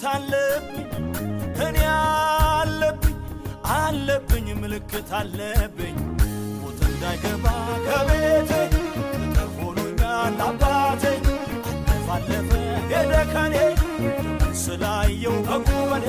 ምልክት አለብኝ እኔ አለብኝ አለብኝ ምልክት አለብኝ ሞት እንዳይገባ ከቤቴ ተፎኖኛል አባቴ አለፋለፈ ሄደ ከኔ ስላየው በቁመኔ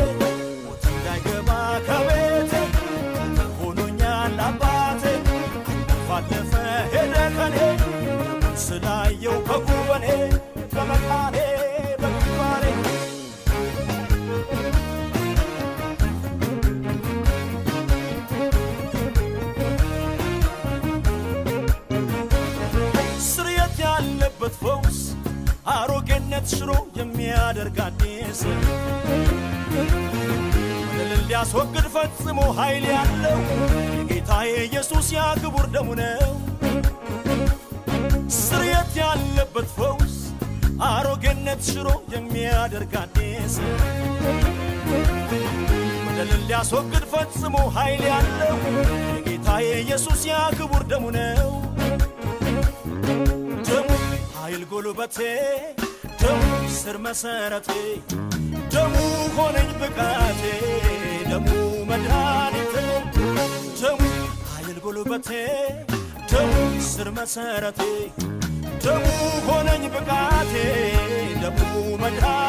የገባበት ፈውስ አሮጌነት ሽሮ የሚያደርግ አዲስ መለልን ሊያስወግድ ፈጽሞ ኃይል ያለው የጌታ የኢየሱስ ያክቡር ክቡር ደሙ ነው። ስርየት ያለበት ፈውስ አሮጌነት ሽሮ የሚያደርግ አዲስ መለልን ሊያስወግድ ፈጽሞ ኃይል ያለው የጌታ የኢየሱስ ያክቡር ደሙ ነው። ልዑል ደሙ ስር መሰረቴ ደሙ ሆነኝ ብቃቴ ደሙ መድኃኒቴ ደሙ ኃይል ጉልበቴ ደሙ ስር መሰረቴ ደሙ ሆነኝ ብቃቴ ደሙ መድኃኒቴ